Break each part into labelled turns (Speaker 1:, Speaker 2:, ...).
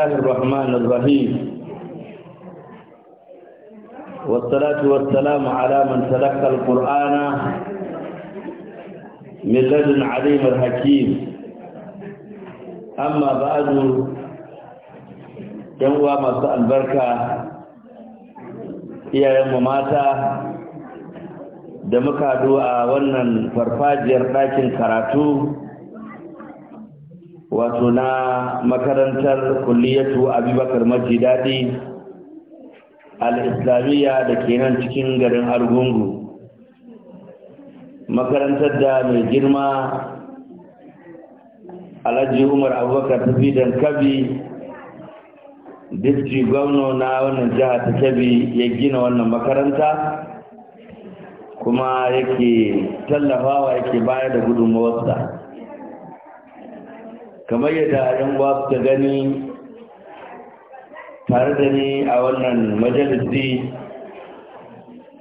Speaker 1: الله الرحمن الرحيم والصلاة والسلام على من تلقى القرآن
Speaker 2: من لدن عليم
Speaker 1: الحكيم أما بعد ينوى مساء البركة يا يوم ماتا da muka haɗu a wannan farfajiyar ɗakin karatu wato na makarantar kulliyatu abubakar maji daɗi al'islamiyya da ke nan cikin garin argungu makarantar da mai girma alhaji umar abubakar tafi don kabi district gwamna na wannan jiha ta kabi ya gina wannan makaranta kuma yake tallafawa yake bayar da gudunmawarsa kamar yadda yan uwa ta gani tare da ni a wannan majalisi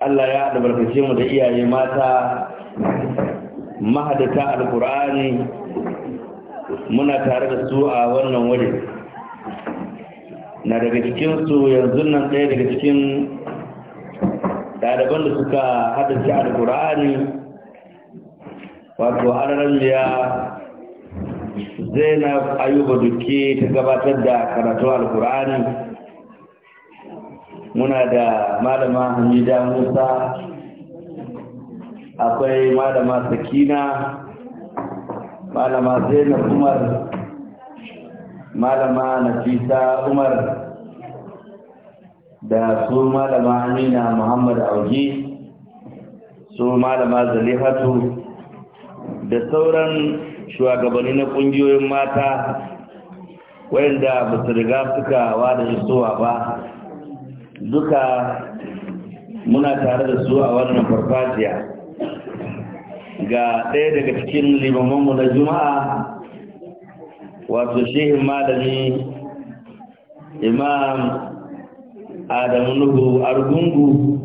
Speaker 1: Allah ya albarkace mu da iyaye mata mahadata alkur'ani muna tare da su a wannan waje na daga su yanzu nan ɗaya daga cikin ɗaliban da suka haddace alkur'ani wato ararar zainab ayuba duke ta gabatar da karatu alkur'ani muna da malama hamida musa akwai malama sakina malama zainab umar malama nafisa umar da su malama amina muhammad auji su malama zalihatu da sauran shugabanni na ƙungiyoyin mata wayanda ba su riga suka wada isowa ba duka muna tare da su a wannan farfajiya ga ɗaya daga cikin limamanmu na juma'a wato shehin malami imam adamu nuhu argungu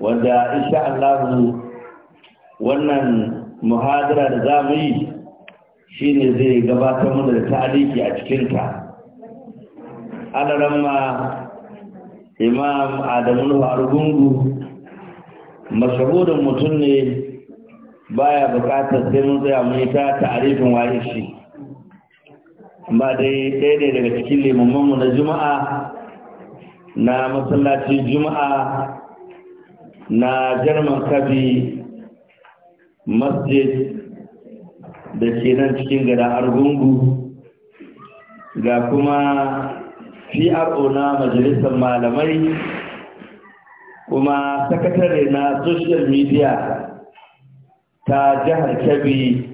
Speaker 1: wanda insha Allah wannan muhadara da za mu yi shi ne zai gabatar mana da ta'aliki a cikinta adaran ma imam adamu Nuhu argungu da mutum ne baya bukatar sai mun tsaya mun yi ta ta'arifin waye shi ba dai ɗaya ne daga cikin mu na juma'a na masallacin juma'a na jarman kabi masjid da ke nan cikin gada argungu ga kuma pro na majalisar malamai kuma sakatare na social media ta jihar kebbi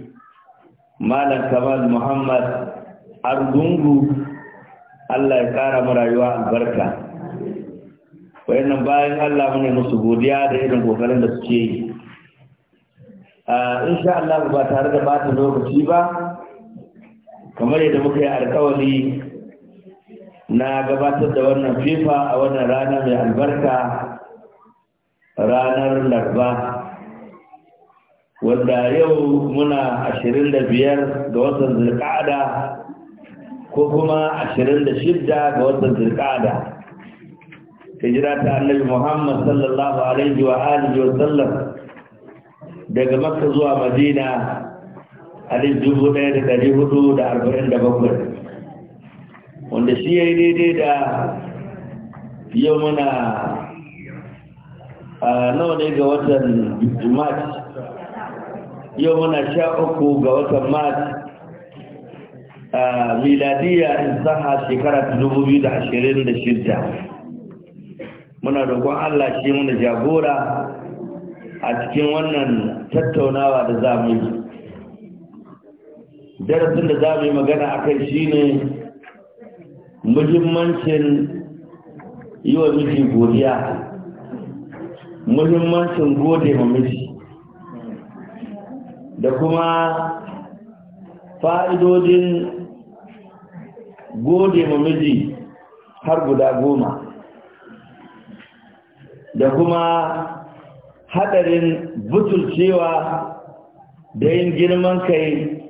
Speaker 1: malam kamal muhammad argungu allah ya kara marayuwa albarka wayannan bayan allah mune musu godiya da irin kokarin da suke yi insha Allah ba tare da bata lokaci ba kamar yadda muka yi alkawari na gabatar da wannan fifa a wannan rana mai albarka ranar larba wanda yau muna ashirin da biyar ga watan zulka'ada ko kuma ashirin da shidda ga watan zulka'ada hijira ta annabi muhammad sallallahu alaihi wa alihi wa sallam daga makka zuwa madina alif dubu ɗaya da ɗari hudu da arba'in da bakwai wanda shi ya yi daidai da yau muna a nawa ne ga watan mat yau muna sha uku ga watan mat a miladiya in saha shekara dubu biyu da ashirin da shirya. muna roƙon allah shi muna jagora a cikin wannan tattaunawa da za mu yi darasin da za mu yi magana a kai shine muhimmancin yi wa miji godiya muhimmancin gode ma miji da kuma fa'idodin gode ma miji har guda goma da kuma haɗarin butulcewa da yin girman kai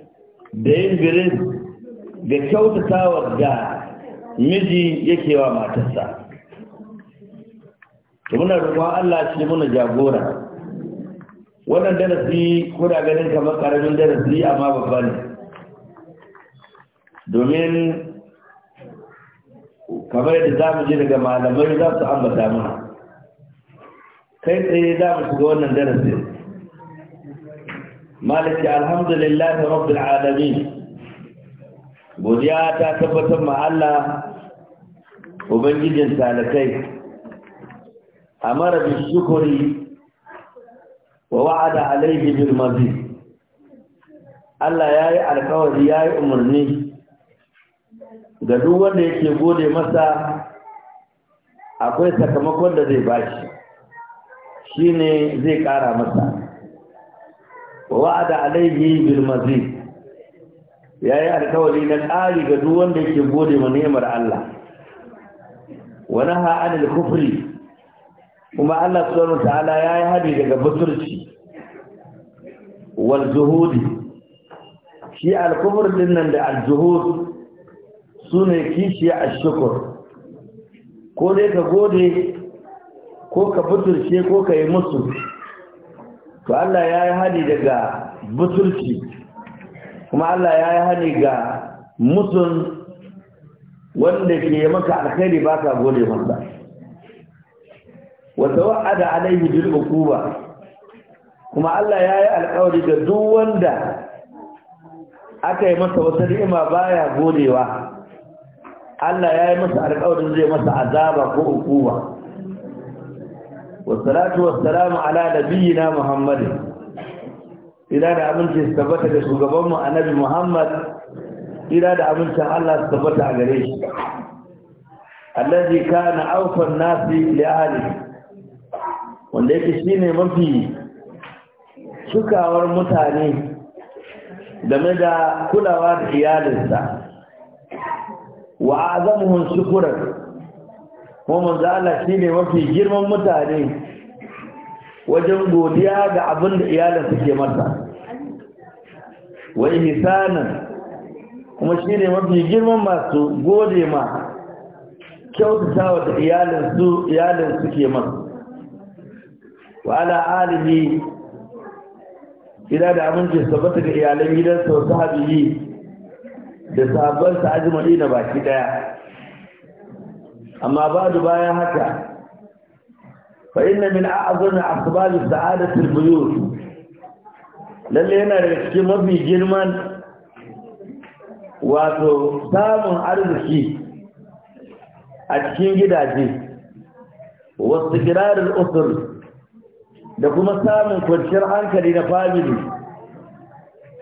Speaker 1: da yin birin da kyautatawa da miji yake wa matarsa muna roƙon Allah ce muna jagora wannan darasi kuna ganin kamar ƙaramin darasi amma babba domin kamar yadda za mu ji daga malamai za su ambata mana kai tsaye za mu shiga wannan darasin Maliki alhamdulillah rabbil alamin godiya ta tabbatar ma Allah ubangijin talakai amara bi shukuri wa wa'ada alaihi bil mazid Allah yayi alƙawari yayi umarni ga duk wanda yake gode masa akwai sakamakon da zai bashi Shi ne zai ƙara masa wa'ada alaihi bil mazid yayi alkawari na ƙari ga duk wanda yake gode ma ni'imar Allah wa naha anil kufri kuma Allah subhanahu ta'ala yayi hadi daga buturci wal zuhudi shi al-kufr din nan da al-zuhud sune kishi a shukur ko dai ka gode ko ka butulce ko ka yi musu to Allah ya yi hani daga butulci kuma Allah ya yi hani ga mutum wanda ke maka alkhairi ba ka gode masa wata wa'ada alaihi bil uquba kuma Allah ya yi alkawari ga duk wanda aka yi masa wata ni'ima baya godewa Allah ya yi masa alƙawarin zai masa azaba ko hukuma wasalatu wassalamu ala nabiyyina muhammad ila da aminci tabbata da shugabanmu annabi muhammad ila da amincin Allah su tabbata a gare shi allazi kana awfan nasi li ahli wanda yake shine mafi cikawar mutane game da kulawa da iyalinsa wa azamuhum shukran ko manzo Allah ne mafi girman mutane wajen godiya ga abin da iyalin suke masa Wai ihsanan kuma ne mafi girman masu gode ma wa da iyalin su iyalin suke masa wa ala alihi ila da aminci sabata ga iyalan gidansa wasu habiyi da sabon sa ajma'i na baki daya amma ba'du bayan haka fa inna min a'zami asbab as-sa'adati al-buyut lalle yana da cikin mafi girman wato samun arziki a cikin gidaje wasu girarin usul da kuma samun kwanciyar hankali na famili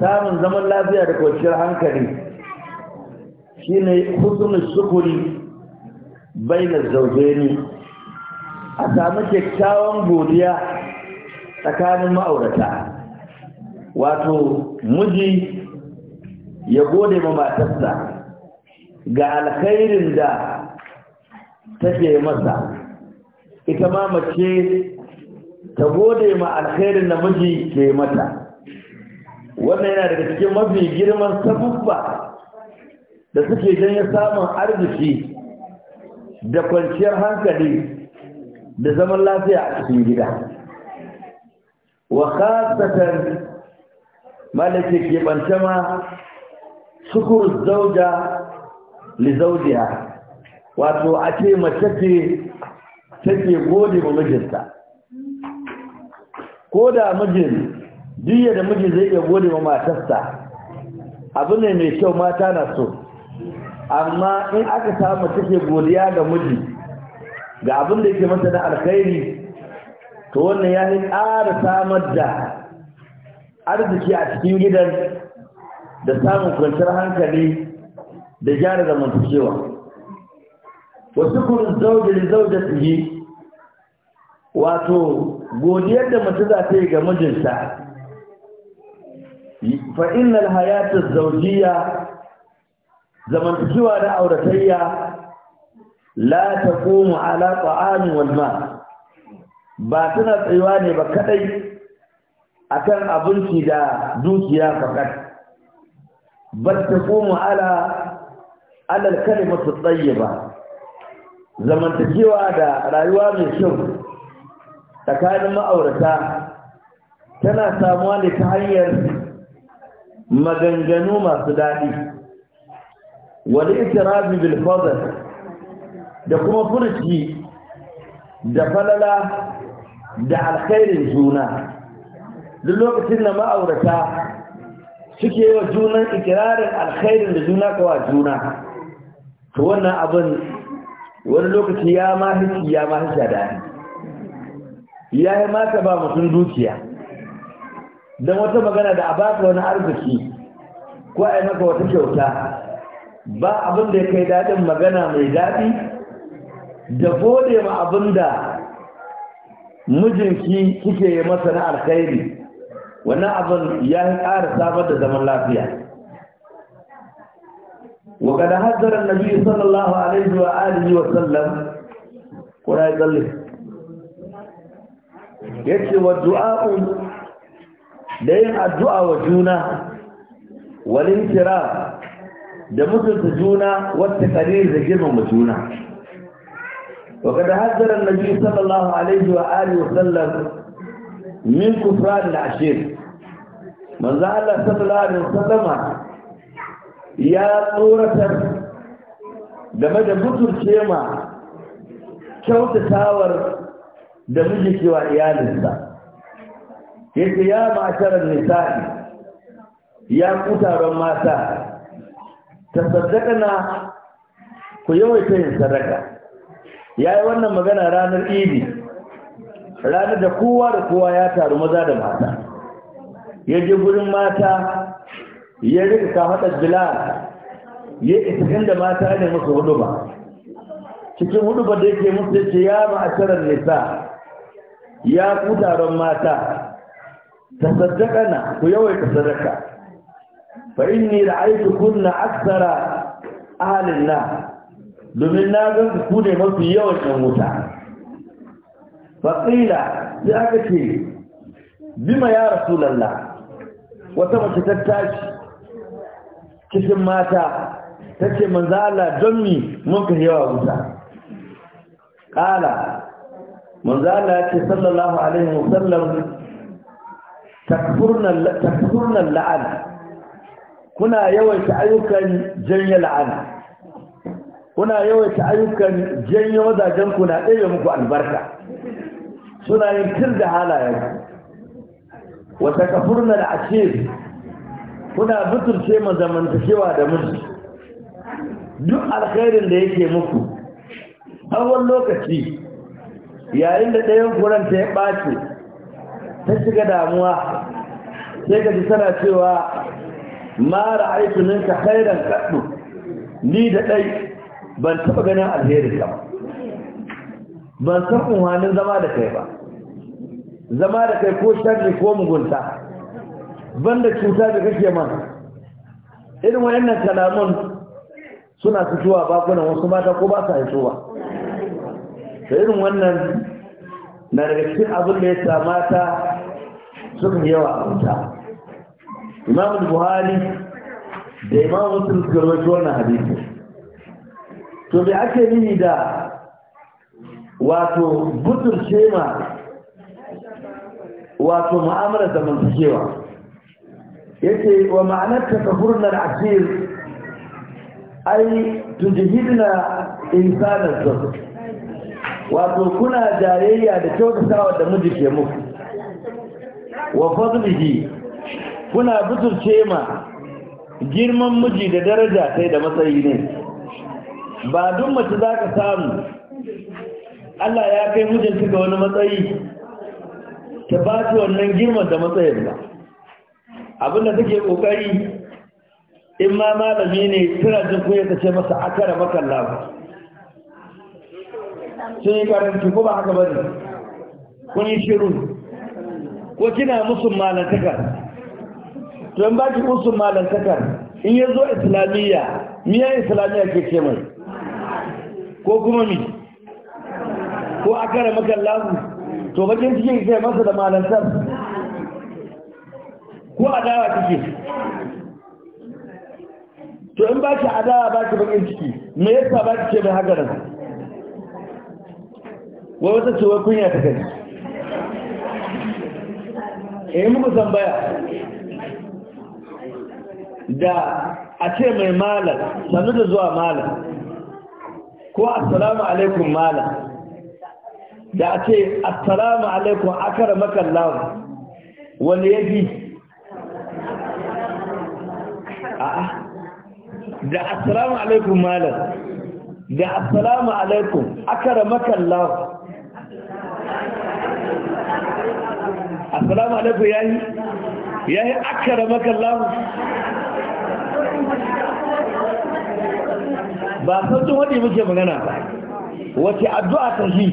Speaker 1: samun zaman lafiya da kwanciyar hankali shi ne husunin shukuri bainar zaujeni a samu kyakkyawan godiya tsakanin ma'aurata wato muji ya gode ma matarsa ga alkhairin da take masa ita ma mace ta gode ma alkhairin da miji ke mata wannan yana daga cikin mafi girman sabubba da suke ya samun arziki da kwanciyar hankali da zaman lafiya a cikin gida wa khasatan malaka ke bantama shukur zauja li zaujiha wato a ce mace ce take gode wa mijinta ko da mijin duk da miji zai iya gode wa matarsa abu ne mai kyau mata na so amma in aka samu take godiya ga miji ga abin da yake masa na alkhairi to wannan ya yi ƙara samar da arziki a cikin gidan da samun kwanciyar hankali da gyara cewa. wasu kun zauje da su yi wato godiyar da mace za ta yi ga mijinta fa'inal hayatar zaujiya zamantakewa da auratayya la taqumu ala ta'ami wal ma ba tana tsayuwa ne ba kadai akan abinci da dukiya fakat ta taqumu ala ala kalimatu tayyiba zamantakewa da rayuwa mai kyau tsakanin ma'aurata tana samuwa ne ta hanyar maganganu masu daɗi wani itirazi bil da kuma furci da falala da alkhairin juna duk lokacin da ma'aurata suke wa junan ikirarin alkhairin da juna kawa juna to wannan abin wani lokaci ya mahici ya mahici da ya yi mata ba mutum dukiya don wata magana da a baka wani arziki ko a yi maka wata kyauta ba abin da ya kai daɗin magana mai daɗi da bode ma abinda da mijinki kike yi masa na alkhairi wannan abin ya yi ƙara samar da zaman lafiya waka da hazarar na sallallahu alaihi wa alihi wa sallam kuna yi tsalle ya ce wa du'a'u da yin addu'a wa juna walin kira da mutunta juna wata karir da girmama juna waka da hajjarar na biyu sallallahu alaihi wa alihi wasallar min kufra da ashir manzan allah sallallahu alaihi wasallama ya tsoratar game da ce ma kyauta tawar da mijikewa iyalinsa yake ya ma a ma'asharar nisa'i ya kuta ran mata na ku yawaita yin sadaka yi wannan magana ranar idi ranar da kowa da kowa ya taru maza da mata ya ji gurin mata ya rika haɗa bilal ya isa inda mata ne musu hudu ba cikin hudu ba da yake musu yace ya ma'asharar nisa ya ku taron mata na ku yawaita sadaka fa inni ra'aytu kunna akthara ahlin na, domin na ga ku kude mafi yawan yan wuta Fasila qila sai aka ce bima ya rasulullah wata mace ta tashi cikin mata tace manzo Allah don mi mun ka yawa wuta qala manzo Allah ya alaihi wasallam takfurna takfurna la'ana kuna yawaita ayyukan janye la'ana kuna yawaita ayyukan janye wazajen kuna ɗaya muku albarka suna yin tir da halayen wata kafurna da ashir kuna buturce ma zamantakewa da miji duk alkhairin da yake muku tsawon lokaci yayin da ɗayan ta ya ɓace ta shiga damuwa sai ka ji tana cewa ma ra'aitu minka khairan qaddu ni da dai ban taba ganin alheri ba
Speaker 2: ban san umarnin
Speaker 1: zama da kai ba zama da kai ko sharri ko mugunta banda cuta da kake man irin wayannan kalamun suna fitowa bakunan wasu mata ko ba sa fitowa da irin wannan na daga cikin abin da ya sa mata suka yawa a wuta imam buhari da imam muslim suka wannan hadisi to me ake nini da wato butur shema wato mu'amalar zamantakewa yace wa ma'anar takafurnar asir ai tujihidna insanar sau wato kuna jayayya da kyautatawa da miji ke muku
Speaker 2: wa fadlihi
Speaker 1: kuna buturce ma girman miji da daraja sai da matsayi ne ba duk mace za ka samu Allah ya kai mijinta ga wani matsayi ta ba wannan girman da matsayin ba abinda take kokari in ma malami ne tana jin koyar ta ce masa akara makalla ba
Speaker 2: sun yi karanci ko ba haka ne kun yi shiru
Speaker 1: ko kina musu malantaka don ba ki usul malantakar in ya zo islamiyya miya islamiyya ke ce mai ko kuma mi ko akara makan lagu to bakin cikin ke masa da malantar ko adawa kike to in ba ki adawa ba ki bakin ciki me yasa ba ki ce mai haka nan wai wata ce wai kunya ta kai
Speaker 2: eh muku tambaya da a ce mai malam
Speaker 1: sannu da zuwa malam ko assalamu alaikum malam da a ce assalamu alaikum akara makallawa wani ya fi da assalamu alaikum malam da assalamu alaikum akara makallawa
Speaker 2: assalamu alaikum
Speaker 1: ya yi akara makallawa ba sautin wadda muke magana wace addu'a ta shi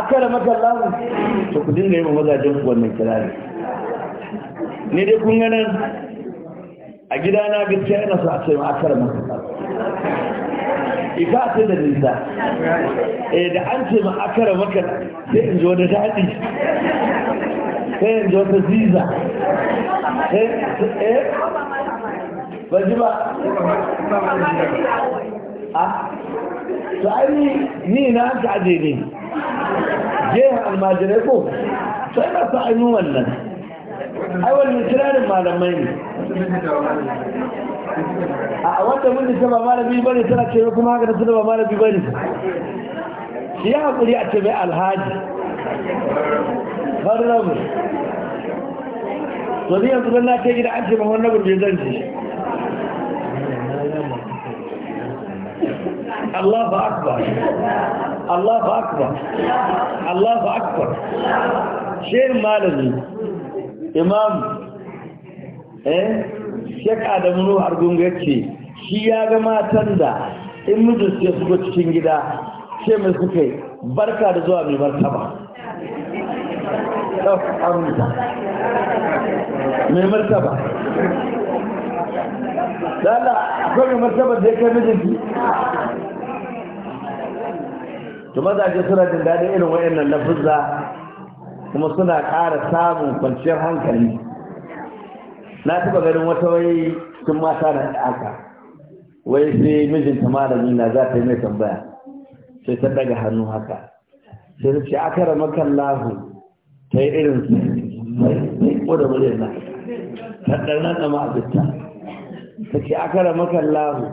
Speaker 1: akara maka Allah to ku dinga yi ma mazajen wannan kirari ne dai kun ganin a na gaskiya yana so a ce ma akara maka
Speaker 2: Allah ita ce
Speaker 1: da nisa eh da an ce ma akara maka sai in ji wani daɗi sai in ji wata ziza eh, eh?
Speaker 2: ba ji ba a
Speaker 1: to ai ni na ka aje ne
Speaker 2: gehen almajirai ko Sai
Speaker 1: na sa an yi wannan
Speaker 2: ai wannan kirarin
Speaker 1: malamai ne
Speaker 2: a wanda mun
Speaker 1: ta ba malami bane tana cewa kuma haka tana ba malami bane shi ya haƙuri a ce mai alhaji har rabu to ni yanzu na ce gida an ce ma wannan bai zan ji
Speaker 2: Allahu akbar Allahu akbar Allahu akbar shehin malami
Speaker 1: imam eh shek adamu nuhu argungu ce, shi ya ga matan da in mijinsu ya shigo cikin gida ce mai suka yi barka da zuwa mai martaba
Speaker 2: mai martaba lalla akwai mai martaba
Speaker 1: da ya kai mijinki to mazaje suna jin daɗin irin na lafuzza kuma suna ƙara samun kwanciyar hankali na taɓa ganin wata wai sun mata na haka wai sai mijinta malami na za ta yi mai tambaya sai ta daga hannu haka sai ta ce aka rama kan lahu ta yi irin sai mai ƙoda muryar na
Speaker 2: ta ɗarnar da ma'abita
Speaker 1: ta ce aka rama kan lahu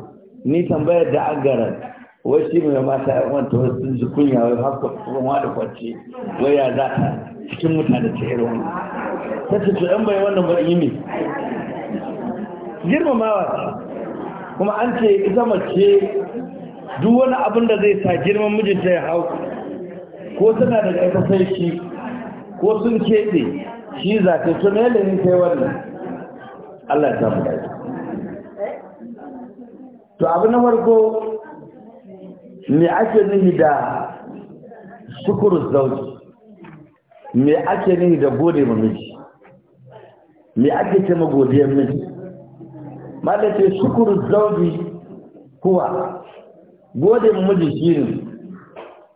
Speaker 1: ni tambayar da garanta. wai shi mai mata ya wanta wasu sun ji kunya wai haka kuma da kwance wai ya za ta cikin mutane ta irin wani
Speaker 2: ta ce ɗan bai wannan ba
Speaker 1: yi ne girmamawa kuma an ce ita mace duk wani abin da zai sa girman mijinta ya hau ko suna daga ita sai shi ko sun keɓe shi za ta tuna yadda ni ta yi wannan Allah ya samu dace to abu na farko me ake nuhi da shukuru zauji me ake nuhi da gode ma miji me ake ce magodiyar miji mata ce shukuru zauji kuwa gode ma miji shi ne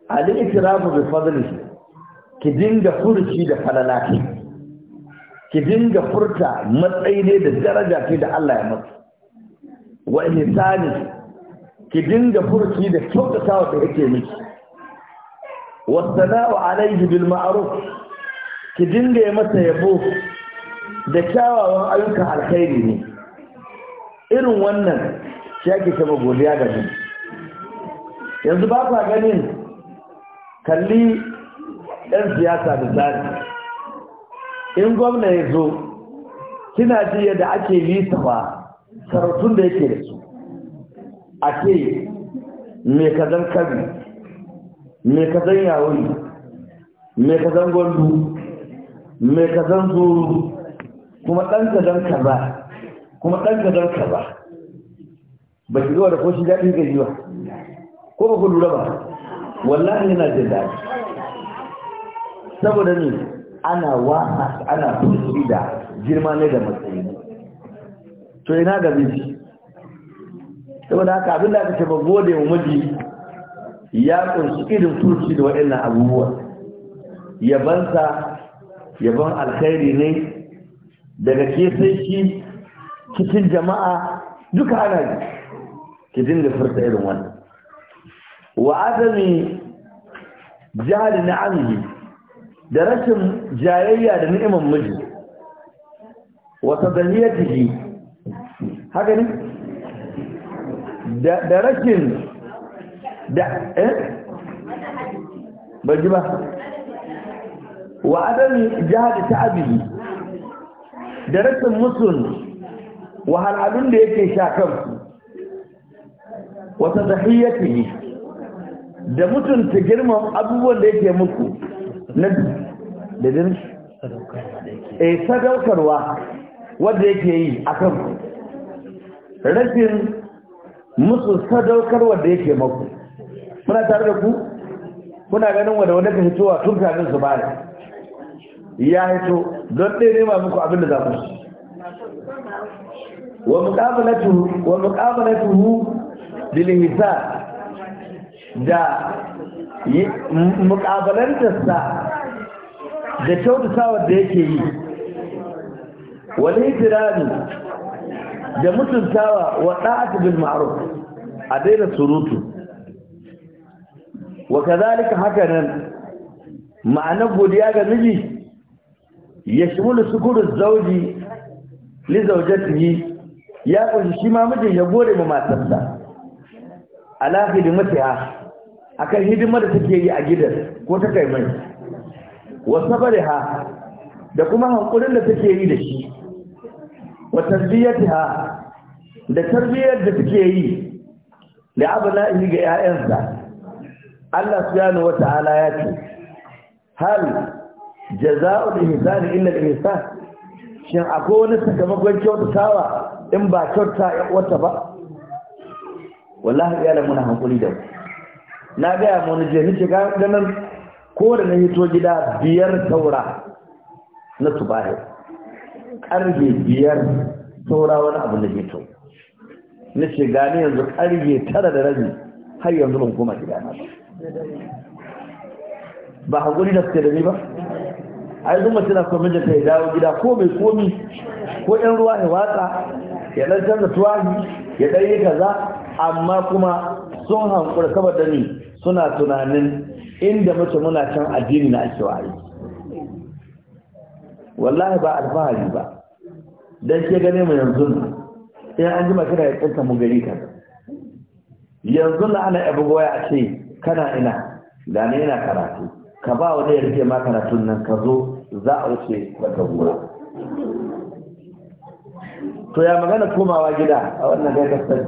Speaker 1: ali ikiramu da fadli ki dinga furci da falalaki ki dinga furta matsayi ne da daraja ce da Allah ya masa wa ne? ki dinga furki da kyautata wa da yake miki wasana'u alaihi bil ma'ruf ki dinga masa yabo da kyawawan ayyukan alkhairi ne irin wannan shi ake kama godiya ga mu yanzu ba kwa ganin kalli ɗan siyasa da tsari in gwamna ya zo kina ji yadda ake ba sarautun da yake da su a ce me ka kabi mai kazan yawon mai kazan gwandu ka kazan zuru kuma ɗan kazan ba, kuma ɗan zan kaza ba ki zuwa da ko shi daɗin gari ba ko ba ku lura ba wallahi yana jin daɗi saboda ne ana wa ana fushi da girma ne da matsayi to ina ga miji saboda haka abin da aka ce ba gode wa ya kunshi irin turci da waɗannan abubuwa yabansa yaban alkhairi ne daga ke sai shi cikin jama'a duka ana ji ki dinga furta irin wannan wa azami na na'amihi da rashin jayayya da ni'imar miji wa tadhiyatihi haka ne da rashin da eh bajiba wa adami jihadi ta'abi da rashin musun wahalhalun da yake sha kansu
Speaker 2: wata zahiyyati
Speaker 1: da ta girma abubuwan da yake muku na da din sadaukarwa da yake eh sadaukarwa wanda yake yi akan rashin musu sadaukar wanda yake maku muna tare da ku kuna ganin wanda wanda ka hitowa tun kafin su bada ya hito don ɗaya nema muku abin da za ku wa muqabalatuhu wa muqabalatuhu da hisab da sa da kyautatawa da yake yi wal hidrani da mutuntawa wa da'atu bil ma'ruf a daina surutu wa kadhalika haka nan ma'anar godiya ga miji ya shimulu sukuru zauji li zaujatihi ya kunshi shi ma mijin ya gode ma matarsa ala hidimatiha akan hidimar da take yi a gidan ko ta kai mai wa sabariha da kuma hankulin da take yi da shi wa tarbiyatiha da tarbiyyar da take yi da abna'ihi ga 'ya'yansa Allah subhanahu ta'ala ya ce hal jaza'ul ihsani illa al-ihsan shin akwai wani sakamakon kyautatawa in ba kyauta wata ba wallahi ya muna hankuli da na gaya mu je ni shiga ganin ko da na hito gida biyar taura na tubahi karfe biyar saura wani abu da ke tau na ce gane yanzu karfe tara da rabi har yanzu ban koma gida na ba ba hakuri da suke da ni ba a yi mace na kwamin da ta yi dawo gida ko mai komi ko yan ruwa ya watsa ya dan canza tuwahi ya dan yi kaza amma kuma sun hankura saboda ni suna tunanin inda mace muna can addini na ake wa'ayi wallahi ba alfahari ba dan ke gane mu yanzu sai an ji magana ya tsinta, mu gari ka yanzu na ana abu goya a ce kana ina da ne yana karatu ka ba wani ya rike ma karatun nan ka zo za a wuce baka gura to ya magana komawa gida a wannan kai kasar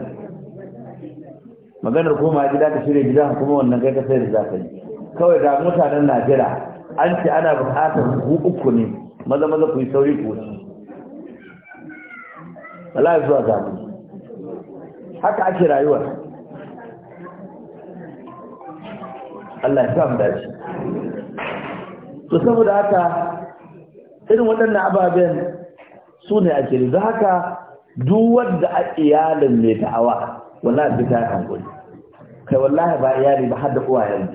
Speaker 1: maganar komawa gida ka shirya gida kuma wannan kai kasar da za ka yi kawai da mutanen najeriya an ce ana buƙatar ku uku ne maza maza ku yi sauri ku wuce wallahi zuwa ku haka ake rayuwa
Speaker 3: Allah ya sa mu dace
Speaker 1: to saboda haka irin waɗannan ababen su ne ake da haka duk wanda a iyalin mai ta'awa wallahi bi ta hankali kai wallahi ba iyali ba har da uwayen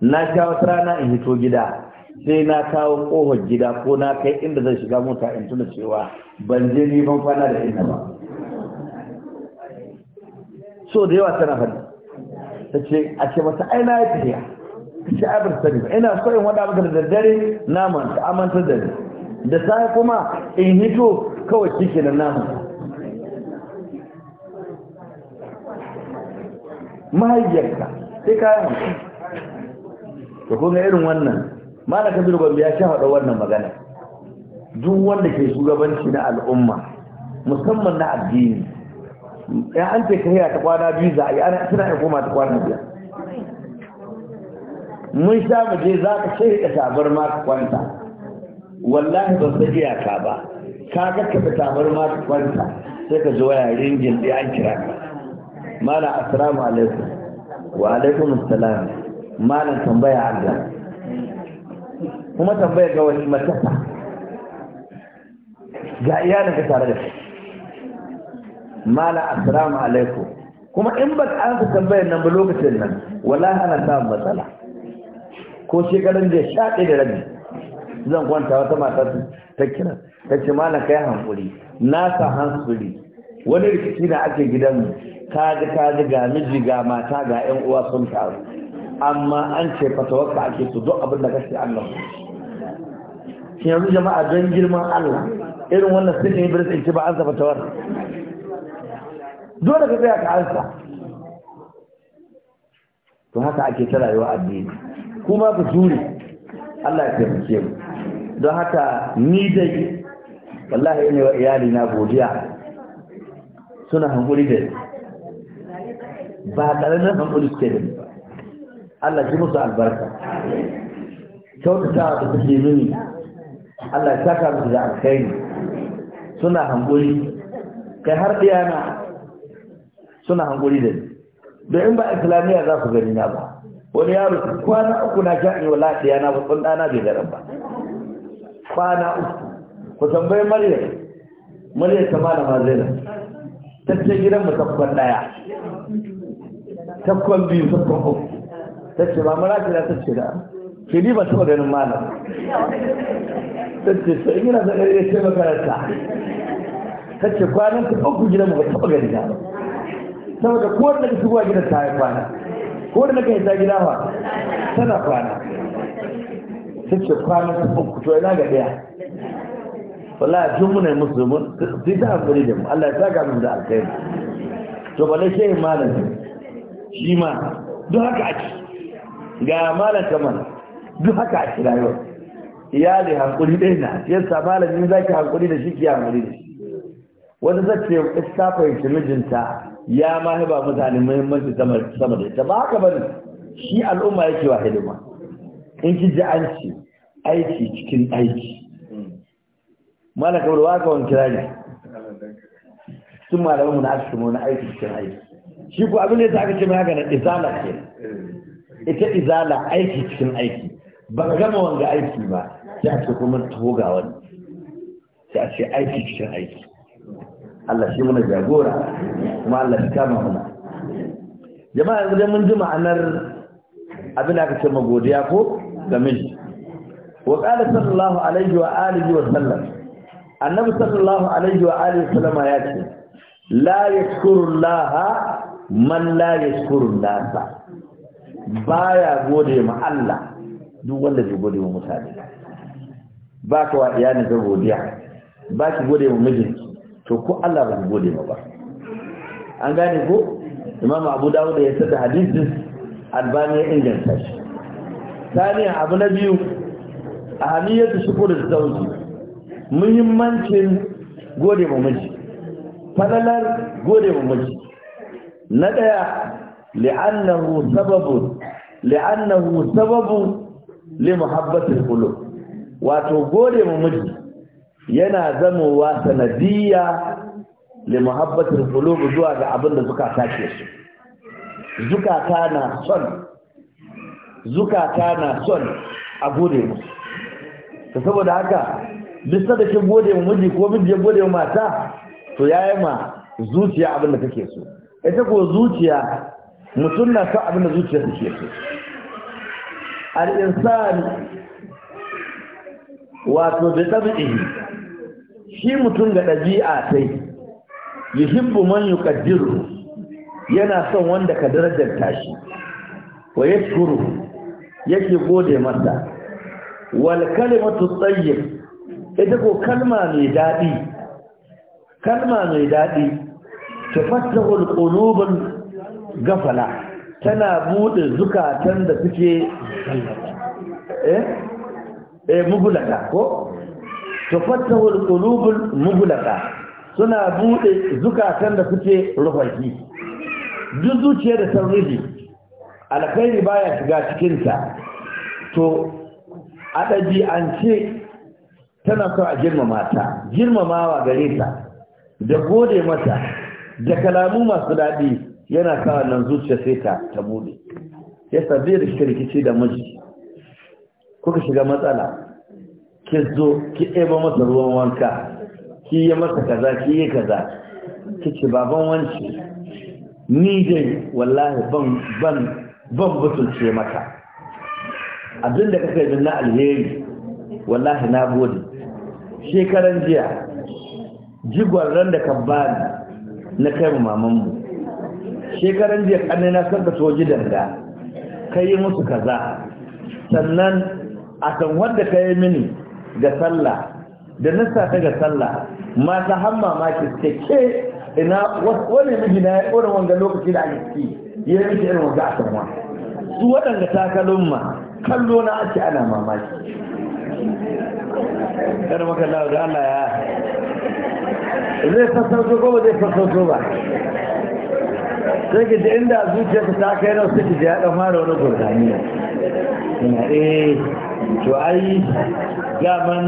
Speaker 1: na sha wata rana in hito gida sai na kawo kofar gida ko na kai inda zan shiga mota in tuna cewa ban je ban fana da inna ba so da yawa tana faɗi ta ce a ce mata ai na yi tafiya ta ce ai ba sani ba ina so in wada maka da daddare na manta amantar da ni da safe kuma in hito kawai kike na namu. sai kayan Ka kuma irin wannan malam kabir gombe ya sha wannan magana duk wanda ke shugabanci na al'umma musamman na addini ya an ce kai ta kwana biyu za a yi ana suna koma ta kwana biyu mun sha mu je za ka ka tabar ma ka kwanta wallahi ba su ka ba ka ga ka tabar ma ka kwanta sai ka zuwa yarin ringin an kira ka mala asalamu alaikum wa alaikum assalam malam tambaya Allah kuma tambaya ga wani matasa ga iyalin ka tare da shi mala assalamu alaikum kuma in ba an ka tambayar nan ba lokacin nan wala ana samun matsala ko shekaran da shaɗe da rabi zan kwanta wata mata ta kira ta ce mala kai hankuri na sa hankuri wani rikici da ake gidanmu ka ga ka ga miji ga mata ga 'yan uwa sun taru amma an ce fatawarka ake so duk abin da gaske Allah shi yanzu jama'a don girman Allah irin wannan sun yi birnin in ce ba an sa fatawar dole ka tsaya ka ansa to haka ake ta rayuwa addini kuma ku jure Allah ya taimake mu don haka ni dai wallahi ne wa iyali na godiya suna hankuri da ba ƙaramin hankuri suke da ni Allah ji musu albarka kyautata da suke mini Allah ya saka musu da alkhairi suna hankuri kai har diyana suna hankuri da ni da in ba islamiyya za ku gani na ba wani yaro kwana uku na sha'ani wa lafiya na ba tsun dana bai garan ba kwana uku ku tambayi maryam maryam ta ma zainab ta ce gidan mu tafkon daya
Speaker 2: tafkon biyu tafkon uku ta ce ba
Speaker 1: marafi na ta ce da ke ni ba su ganin malam
Speaker 2: ta ce so in yana zagar ya ce makaranta ta ce kwanan ta ɗauku gidan mu ba taɓa gani na saboda
Speaker 1: ko wanda su zuwa gidan ta yi kwana ko wanda ka yi ta gida ba tana kwana ta ce kwanan ta ɗauku to ina ga ɗaya wala tun ne musulmin sai ta hankali da mu Allah ya saka mu da alkhairi to ba na shehin malam shi ma don haka ake ga malam kamar duk haka a kira yau ya hankuli ɗaya na yasa malam za zaki hankuli da shi ki hankuli da shi wata zace ta fahimci mijinta ya ma ba mutane muhimmanci sama da ita ba haka bane shi al'umma yake wa hidima in ki ji an ce aiki cikin aiki malaka kamar wa ka wankira ne sun malamu na wani aiki cikin aiki shi ko abin da ya sa aka ce mai haka na isala ke ita izala aiki cikin aiki ba ka gama wanga aiki ba sai a ce kuma taho ga wani sai a ce aiki cikin aiki Allah shi muna jagora kuma Allah shi kama muna jama'a yanzu dai mun ji ma'anar abin da aka ce magodiya ko ga miji wa qala sallallahu alaihi wa alihi wa sallam annabi sallallahu alaihi wa alihi wa sallama ya ce la yashkuru man la yashkuru nasa baya gode ma Allah duk wanda ke gode wa mutane ba ka wa iyalin ga godiya ba ki gode wa mijin to ko Allah ba ki gode ma ba an gane ko Imam Abu Dawud ya tada hadisin Albani ya inganta shi saniya abu na biyu ahamiyatu shukur zauji muhimmancin gode wa miji falalar gode wa miji na daya li'annahu sababun li'annahu sababu li muhabbatil qulub wato gode mu miji yana zamowa sanadiyya li muhabbatil qulub zuwa ga abin da zukata ke su zukata na son zukata na son a gode mu to saboda haka duk da kin gode mu miji ko miji ya gode mu mata to yayi ma zuciya abin da take so ita ko zuciya mutum na sa abin da zuciyar da ke so al'insani wato da tabi'i shi mutum ga ɗabi'a sai himbu man yuqaddiru yana son wanda ka darajar tashi. wa shuru yake gode masa wal kalimatu tayyib ita ko kalma mai daɗi kalma mai daɗi tafattahu al gafala tana buɗe zukatan da suke eh eh mugulata ko tufattahul qulubul mugulata suna buɗe zukatan da suke rufaji duk zuciya da sarridi alkhairi baya shiga cikinta to an ce tana so a girmama ta girmamawa gare ta da gode mata da kalamu masu daɗi yana sa nan zuciya sai ta ta bude ya da rikice rikici da miji kuka shiga matsala ki zo ki ɗeba masa ruwan wanka ki yi masa kaza ki yi kaza ki ci baban wanci ni dai wallahi ban ban ban butulce maka abin da kake na alheri wallahi na gode shekaran jiya jigwar ran da ka bani na kai mu mamanmu shekaran jiya ƙanne na san da soji danda ka yi musu kaza sannan a san wanda ka yi mini ga sallah da nasa ta ga sallah mata hamma ma ki ke, ina wani miji na ya ƙorin wanga lokaci da ake ciki ya yi irin wanga a sanwa su waɗanda takalin ma kallo na ake ana mamaki kar maka da Allah ya zai sassauto ko ba zai sassauto ba sai ki ji inda zuciya ta ta kai nan suke ya dan fara wani gurdani ina eh to ai man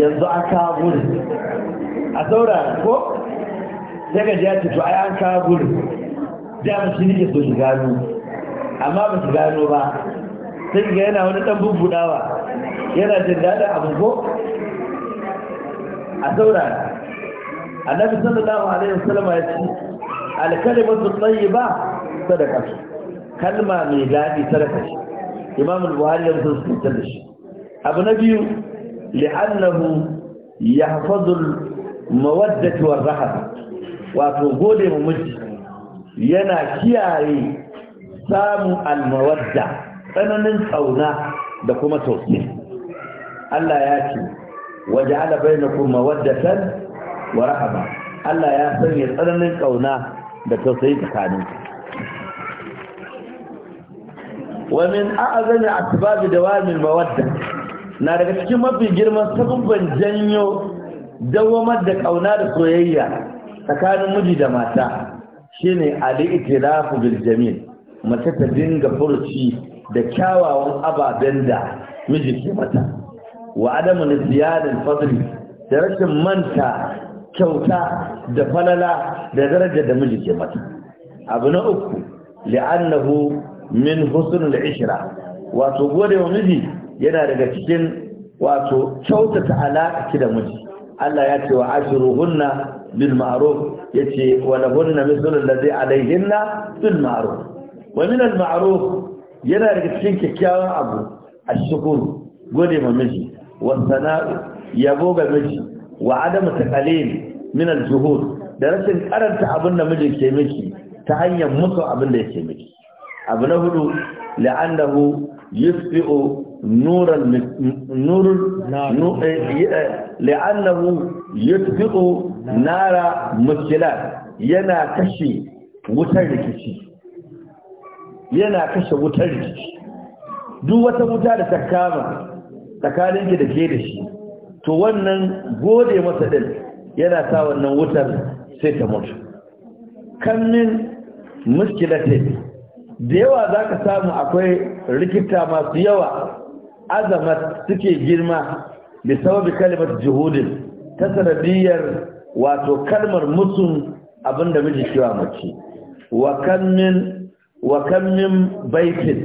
Speaker 1: yanzu an kawo gudu a saurara ko sai ka ji ya ce to ai an kawo gudu daman shi nake so shi gano amma ba su gano ba sai ga yana wani dan bubbudawa yana jin daɗin abu ko a saurara annabi sallallahu alaihi wasallam ya ce alkalimatu tayyiba sadaka kalma mai daɗi sadaka ce imam al-buhari ya rubuta su da shi abu na biyu li'annahu yahfazu al-mawaddatu war-rahab wato gode mu miji yana kiyaye samun al-mawadda tsananin tsauna da kuma tausayi Allah ya ce waja'ala bainakum mawaddatan wa rahaba Allah ya sanya tsananin kauna da tausayi tsakanin wa min a'zami asbab dawam al-mawadda na daga cikin mafi girman sabubban janyo dawamar da kauna da soyayya tsakanin miji da mata shine al-i'tirafu bil jamil mace ta dinga furci da kyawawan ababen da miji ke mata wa adamu ziyarar fadli da rashin manta kyauta da falala da daraja da miji ke mata abu na uku li'annahu min husnul ishra wato gode wa miji yana daga cikin wato kyautata alaka ki da miji Allah ya ce wa ashruhunna bil ma'ruf yace wa lahunna mithlu alladhi alayhinna bil ma'ruf wa min al ma'ruf yana daga cikin kyakkyawan abu ashkuru gode ma miji wa sana'u yabo ga miji wa adamu taqalil min al juhud da rashin karanta abin da mijin ke miki ta hanyar musu abin da yake miki abu na hudu la'annahu yusfi'u nuran nurul eh, eh, la'annahu yusfi'u nara mushkilat yana kashe wutar rikici yana kashe wutar rikici duk wata wuta da ta kama tsakaninki da ke da shi to wannan gode masa din yana sa wannan wutar sai ta mutu kannin muskilate da yawa za ka samu akwai rikita masu yawa azamat suke girma da sababi kalimar juhudin ta sanadiyar wato kalmar musun abinda miji cewa mace wa kannin baitin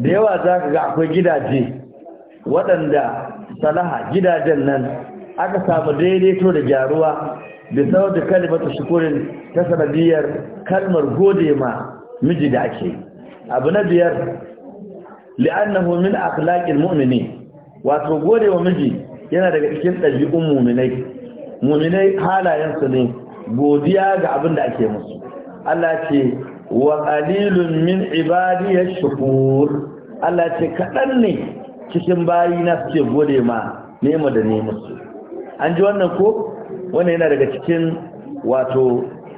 Speaker 1: da yawa za ka ga akwai gidaje waɗanda salaha gidajen nan aka samu daidaito da gyaruwa da sau da kalimata shukurin ta sanadiyar kalmar gode ma miji da ake abu na biyar li'annahu min akhlaqil mu'mini wato gode wa miji yana daga cikin ɗabi'un mu'minai mu'minai halayensu ne godiya ga abin da ake musu Allah ce wa qalilun min ibadiyash shukur Allah ce kaɗan ne cikin bayi na suke gode ma nema da nema su an ji wannan ko wannan yana daga cikin wato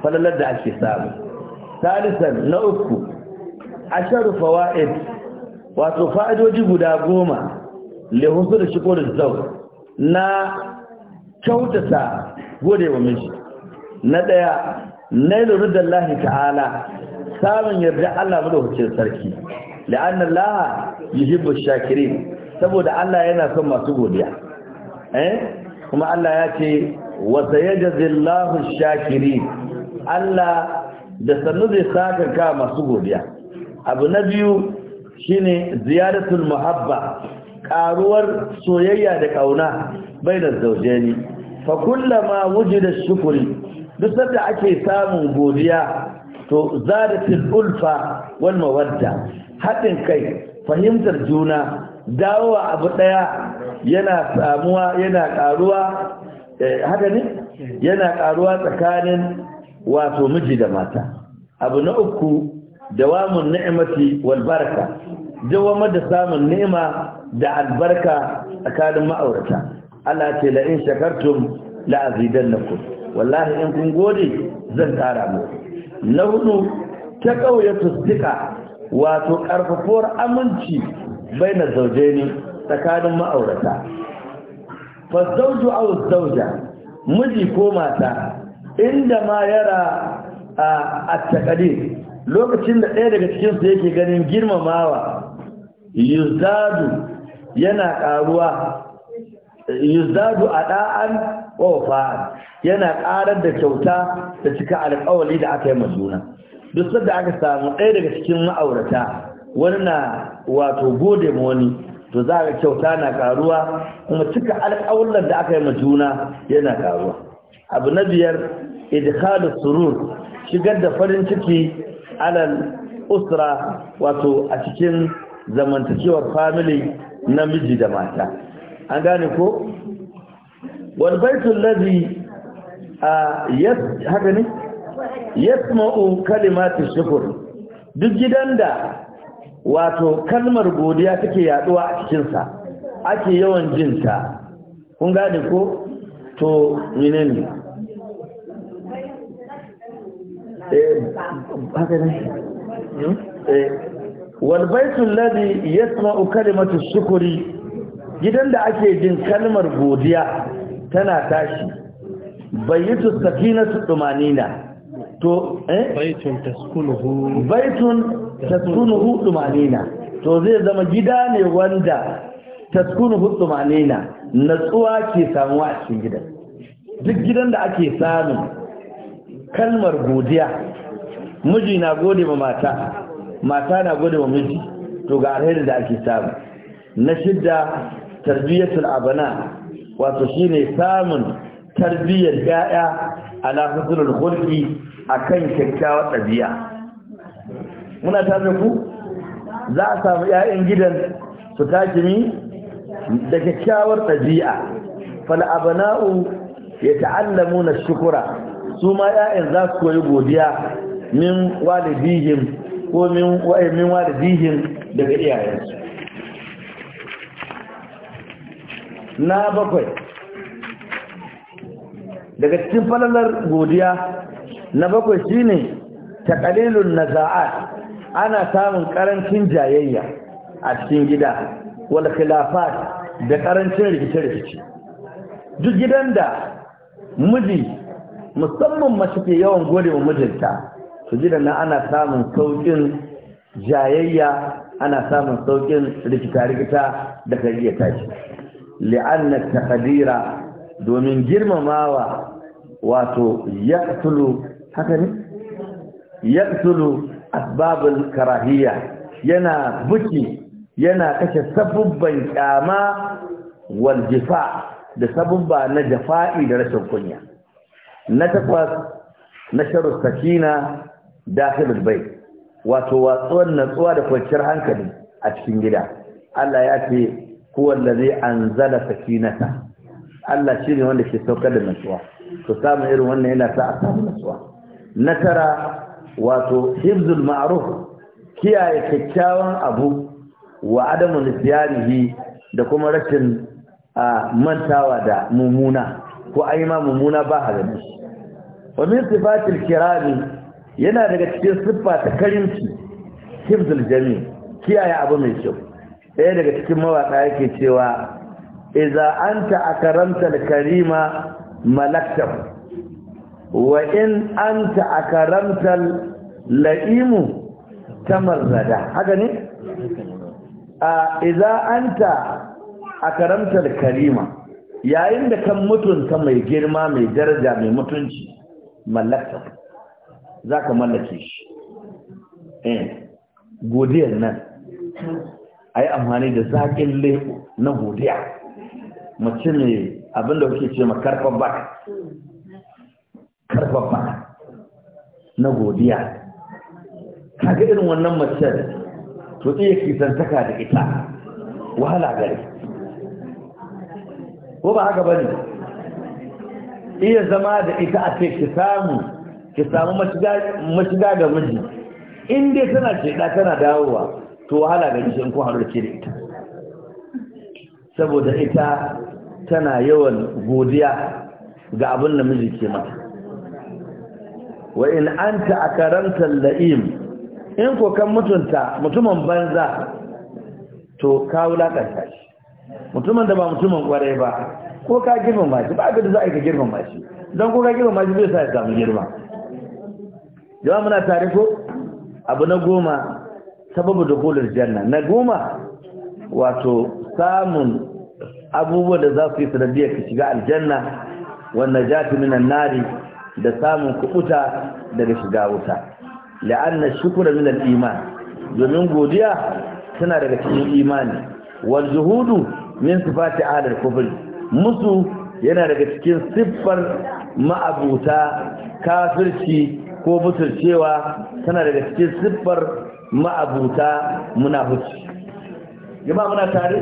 Speaker 1: falalar da ake samu salisan na uku asharu fawaid wato fa'idoji guda goma le husu da shiko da zau na kyautata gode wa miji na ɗaya lura da Allah ta'ala samun yarda Allah madaukakin sarki la'anna Allah yuhibbu shakirin saboda Allah yana son masu godiya eh kuma Allah ya ce wa sayajzillahu shakiri Allah da sannu zai saka ka masu godiya abu na biyu shine ziyaratul muhabba karuwar soyayya da kauna bainar zaujeni fa kullama wujida shukri duk sanda ake samun godiya to zadatul ulfa wal mawadda hadin kai fahimtar juna dawowa abu ɗaya yana samuwa yana karuwa eh, haka ne yana karuwa tsakanin wato miji da mata abu na uku dawamun ni'mati wal baraka dawamar da samun ni'ima da albarka tsakanin ma'aurata Allah ce la in shakartum la azidannakum wallahi in kun gode zan tara mu na hudu ta kauye tustika wato karfafuwar aminci bainar ne tsakanin ma'aurata fa zauju aw zauja miji ko mata inda ma yara a takali lokacin da ɗaya daga cikinsu yake ganin girmamawa Yuzadu yana karuwa yuzadu ada'an yana ƙarar da kyauta da cika alƙawali da aka yi ma duk sanda aka samu ɗaya daga cikin ma'aurata wani na wato gode ma wani to za ga kyauta na karuwa kuma cika alƙawullan da aka yi ma juna yana karuwa abu na biyar idkhalu surur shigar da farin ciki alal usra wato a cikin zamantakewar family namiji da mata an gane ko wal baitul ladhi yas haka ne yasma'u kalimatu shukr duk gidan da wato kalmar godiya take yaduwa a cikinsa ake yawan jinta kun gane ko to menene
Speaker 2: eh haka ne hmm?
Speaker 1: eh wal baitul ladhi yasma'u kalimatu shukri gidan da ake jin kalmar godiya tana tashi bayitu sakinatu tumanina to eh baitun taskunuhu baitun Taskunu hudu manina to zai zama gida ne wanda taskunu hudu manina natsuwa ke samuwa a cikin gidan duk gidan da ake samun kalmar godiya miji na gode ma mata mata na gode ma miji to ga alheri da ake samu na shidda tarbiyyatul abana wato shine samun tarbiyyar ya'ya ala husnul khulqi akan kyakkyawar ɗabi'a muna tare ku za a samu 'ya'yan gidan su ni da kyakkyawar ɗabi'a fal'abana'u ya ta'allamu na shukura su ma 'ya'yan za su koyi godiya min walidihim ko min wa'amin eh, walidihim daga iyayensu na bakwai daga cikin falalar godiya na bakwai shine na za'a. ana samun karancin jayayya a cikin gida wal khilafat da karancin rikice-rikice duk gidan da miji musamman mace ke yawan gode wa mijinta to gidan nan ana samun saukin jayayya ana samun saukin rikita-rikita da kariya tashi li'anna taqdira domin girmamawa wato yaqtulu haka ne yaqtulu asbabul karahiya yana buki yana kashe sabubban kyama wal jifa da sabubba na jafa'i da rashin kunya na takwas na sharu sakina dakhilul bayt wato watsuwar natsuwa da kwanciyar hankali a cikin gida Allah ya ce huwa allazi anzala sakinata Allah shine wanda ke saukar da natsuwa to samu irin wannan yana sa a samu natsuwa na tara wato hibzul ma'ruf kiyaye kyakkyawan abu wa adamu Ziyarihi da kuma rashin mantawa da mumuna ko ma mumuna ba halin wa min sifatil kirami yana daga cikin siffa ta karinci hibzul jami kiyaye abu mai kyau ɗaya daga cikin mawaƙa yake cewa idza anta akaramta al-karima malaktahu wa in anta akaramtal la'imu tamarrada haka ne a idza anta akaramtal karima yayin da kan mutunta mai girma mai daraja mai mutunci mallaka zaka mallake shi eh, godiyar nan a yi amfani da zaƙin lebo na godiya mace ne abinda kuke ce karfan baka karfafa mana na godiya kaga irin wannan macen to iya kisantaka da ita wahala gari ko ba haka bane iya zama da ita a ce ki samu ki samu mashiga ga miji in dai tana ce da tana dawowa to wahala gare shi in kun haɗu da ke da ita saboda ita tana yawan godiya ga abin da miji ke mata wa in anta akaranta la'im in ko kan mutunta mutumin banza to ka wulakanta shi mutumin da ba mutumin kwarai ba ko ka girmama shi ba ga da za a yi ka girmama shi don ko ka girmama shi zai sa ya samu girma yawa muna tare ko abu na goma sababu da hular janna na goma wato samun abubuwa da za su yi sanadiyar ka shiga aljanna wannan jati minan nari da samun kubuta daga shiga wuta la'anna shukura min al-iman domin godiya tana daga cikin imani wal juhudu min sifati adal al musu yana daga cikin siffar ma'abuta kafirci ko butulcewa tana daga cikin siffar ma'abuta munafici yaba muna tare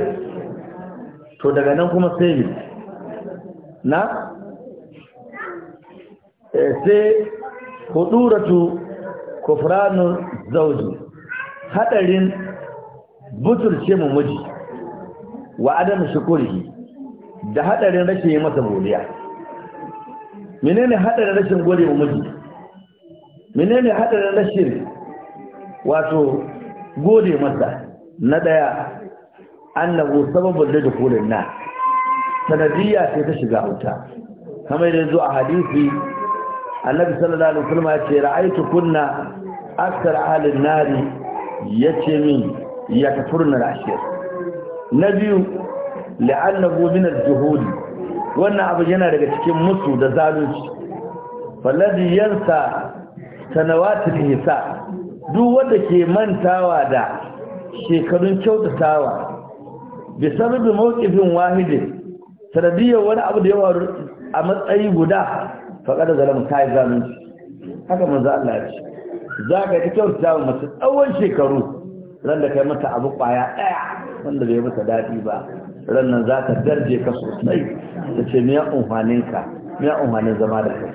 Speaker 1: to daga nan kuma sai na Eh, sai kuduratu kufranu zauji hadarin buturce mu miji wa adam shukuri da hadarin rashin yi masa godiya menene hadarin rashin gode mu miji menene hadarin rashin wato gode masa na daya annabu sababul dukhulin na sanadiyya sai ta shiga wuta kamar yanzu a hadisi annabi sallallahu alaihi wasallam ya ce ra'aitu kunna akthar ahlin nari yace min ya kafurna rashir na biyu la'annahu min az-zuhud wannan abu yana daga cikin musu da zalunci falladhi yansa sanawatul hisab duk wanda ke mantawa da shekarun kyautatawa bi sababi mawqifin wahidin sanadiyar wani abu da yawa a matsayi guda faƙar zalama ta yi zalunci haka manzo Allah ya ce za ka ta kyauta wa mace tsawon shekaru ran da kai mata abu ƙwaya ɗaya wanda bai mata daɗi ba ran nan za ka darje ka sosai ta ce miya umfanin ka miya umfanin zama da kai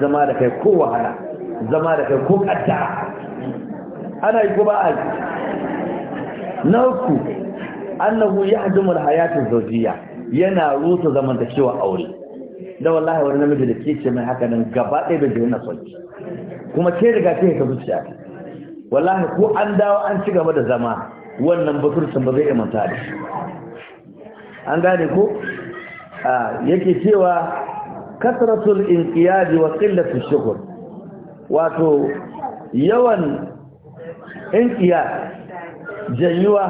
Speaker 1: zama da kai ko wahala zama da kai ko ƙaddara ana yi ko ba a yi na uku annahu ya hajjumar hayatun zaujiya yana rusa zamantakewa aure da wallahi wani namiji da ke ce mai haka nan gaba ɗaya da na son kuma ke daga ce ka zuciya wallahi ko an dawo an ci gaba da zama wannan baturcin ba zai iya manta da an gane ko a yake cewa kasratul inqiyadi wa qillatu shukr wato yawan inqiya janyuwa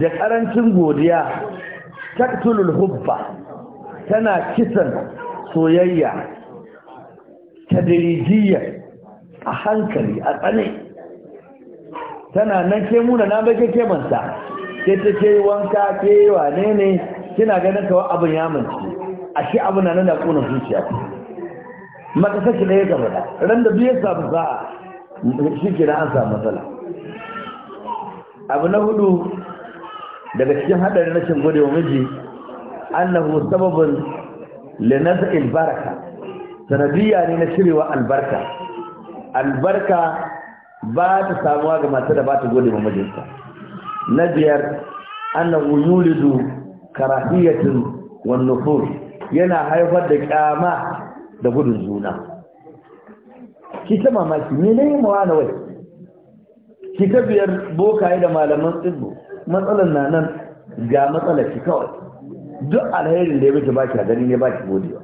Speaker 1: da karancin godiya taktulul hubba tana kisan soyayya ta dirijiyar a hankali a tsane tana nan ke muna na bai keke manta ke ta ke wanka ke yi wane ne kina ganin kawai abin yamanci a shi abin na nuna da kuna zuciya maka sashi ɗaya gaba da ran da biyar samu a shi ke an samu matsala abu na hudu daga cikin haɗarin rashin gode wa miji annahu sababun linazil baraka sanadiyya ne na cirewa albarka albarka ba ta samuwa ga matar da ba ta gode mamajinta na biyar annahu yulidu karahiyatin wan nufur yana haifar da kyama da gudun juna ki ta mamaki ne ne mawa na wai ki ta biyar bokaye da malaman tsibbo matsalan na nan ga matsalar ki kawai duk alherin da ya miki baki a gani ne baki godewa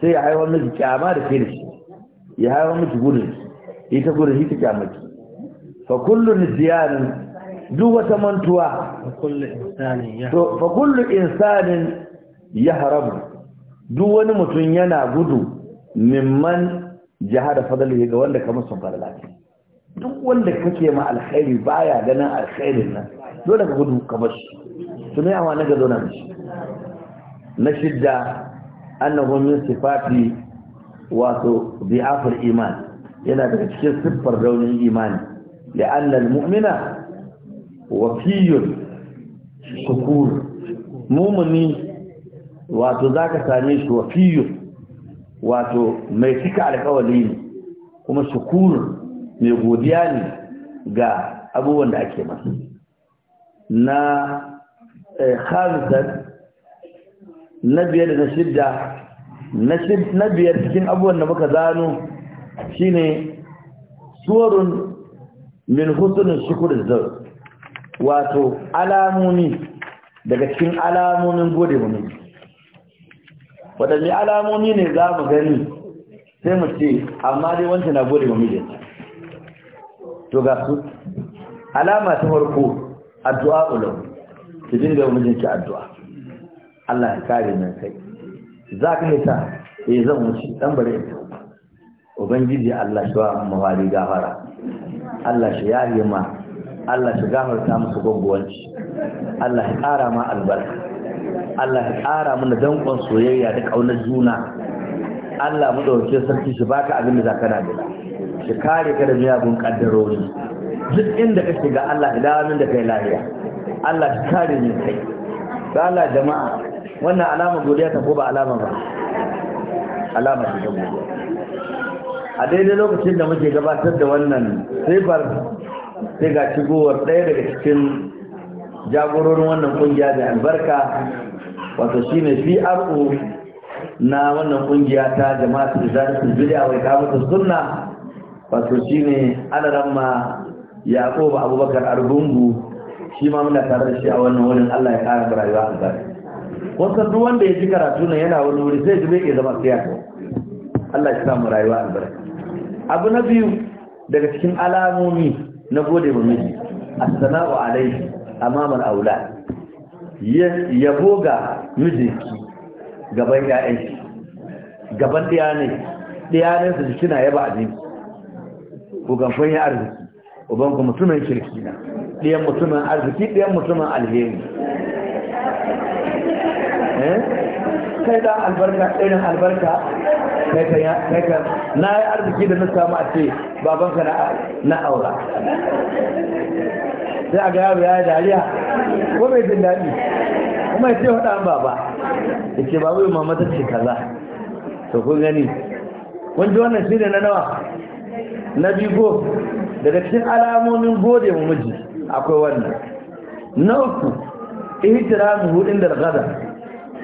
Speaker 1: sai ya haifar miki kyama da ke da shi ya haifar miki gudun ita gudun kyama kyamaki fa kullu nisyanin duk wata mantuwa fa kullu insanin ya harabu duk wani mutum yana gudu mimman jihada fadali ga wanda ka fara lafi duk wanda kake ma alkhairi baya ganin alkhairin nan dole ka gudu ka bar shi su awa na gado na mishi na shidda annahu min sifati wato bi'afar iman yana daga cikin siffar raunin imani la'anna almu'mina wafiyun shakur mumuni wato zaka same shi wafiyun wato mai cika alƙawari ne kuma shukur mai godiya ne ga abubuwan da ake masu. na Eh, khamisan na biyar da na shidda na biyar cikin abubuwan da muka zano shine suwarun min husunin shukurin zau wato alamomi daga cikin alamomin gode mu ne waɗanne alamomi ne za mu gani sai mu ce amma dai wancan na gode mu ne to ga su alama ta farko addu'a ulahu ki dinga mijinki addu'a Allah ya kare min kai za ka yi ta eh zan wuce dan bare ta ubangiji Allah shi wa mawali gafara Allah shi yare ma Allah shi gafarta musu gwagwanci Allah ya kara ma albarka Allah ya kara mana dankon soyayya da kaunar juna Allah mu dauke sarki shi baka abin da zaka da shi kare ka da miyagun kaddarori duk inda ka shiga Allah ya dawo min da kai lafiya Allah ka kare ni kai Ba Allah jama'a wannan alama godiya ta ko ba alama ba alama ce ta godiya a daidai lokacin da muke gabatar da wannan sifar sai ga shigowar ɗaya daga cikin jagororin wannan kungiya da albarka wato shine PRO na wannan kungiya ta jama'a, jama'atul zalatul bid'a wai kamata sunna wato shine alaramma Yaqub Abubakar Argungu shi ma muna tare da shi a wannan wurin Allah ya kara da rayuwa a zai wasu duk wanda ya ji karatu nan yana wani wuri sai ji bai iya zama siya ko Allah ya sa mu rayuwa albarka abu na biyu daga cikin alamomi na gode wa miji Assalamu alaihi a amama al-aulad yabo ga mijinki gaban shi, gaban ɗiya ne su ji kina yaba abin ku gamfan ya arziki ubanku mutumin kirki na ɗiyan mutumin arziki ɗiyan mutumin alheri eh? kai ɗan albarka irin albarka kai ka na yi arziki da na samu a ce babanka na aura sai a ga yaro ya yi dariya ko mai jin daɗi kuma ya ce faɗa baba ya ce babu yi mamata ce kaza to kun gani kun ji wannan shi ne na nawa na biyu daga cikin alamomin gode mu miji akwai wannan na uku ihtiramu hudin da gada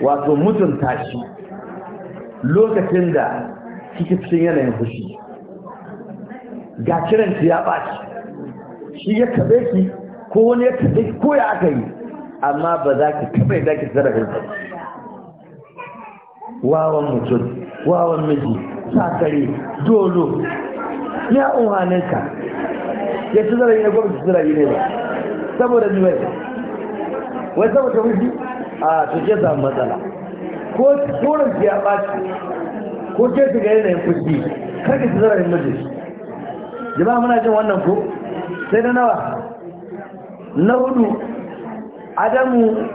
Speaker 1: wato mutunta shi lokacin da kike cikin yanayin fushi ga kiran ya baci shi ya kabe ki ko wani ya kabe ki ko ya aka yi amma ba za ki kabe da ki zarafin ba wawan mutum wawan miji sakare dolo ya ka ya ci zarafi na gwamnati zira ne ba saboda ni bai wai saboda wuce a to za samu matsala ko tsoron ya ɓaci ko ke su ga yanayin kusi kar ka zara zarafin mijin jima muna jin wannan ko sai da nawa na hudu adamu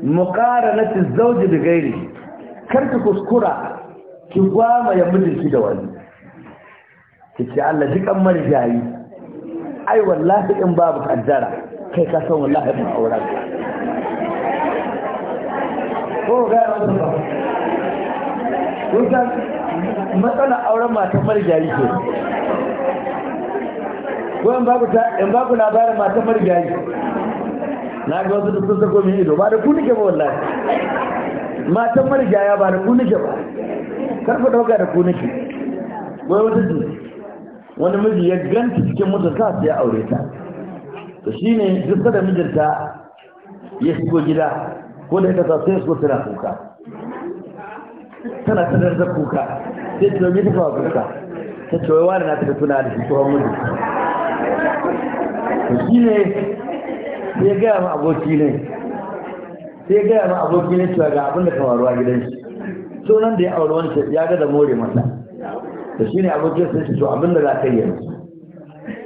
Speaker 1: na ci zauji da kar ki kuskura ki gwama ya mijinki da wani kici Allah dukan marigayi ai wallahi in babu kaddara kai ka san wallahi ba auren ko ga wannan ba kun san matsala auren matan marigayi ke ko in babu ta in babu labarin matan marigayi na ga wasu sun sako min ido ba da ku nike ba
Speaker 2: wallahi
Speaker 1: matan marigaya ba da ku nike ba karfa dauka da ku nike wai wata wani miji ya ganta cikin mutu sa su ya aure ta to shine duk da mijinta ya shigo gida ko da ita sai su tana kuka tana ta da kuka sai ta yi ta kuka ta ce wani na ta tuna da shi tsohon miji
Speaker 2: to shine sai ya gaya ma aboki ne
Speaker 1: sai ya gaya ma aboki ne cewa ga abin da ka faruwa gidan shi sunan da ya aure wani ya ga da more masa to shine abokin sun shi to abin da za ka yi yanzu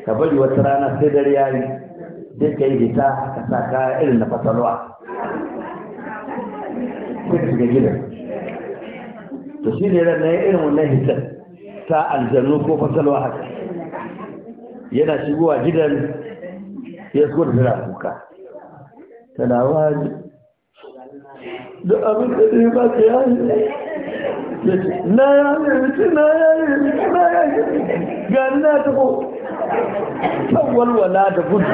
Speaker 1: ka bari wata rana sai dare yi sai ka yi hita ka sa kaya irin na fasalwa
Speaker 2: sai ka shiga gidan
Speaker 1: to shi ne ran na irin wannan hitar ta aljannu ko fasalwa haka yana shigowa gidan ya so da tana kuka tana wani da abin da zai ba ta yayi ya na na na na walwala da gudu